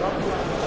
Gracias.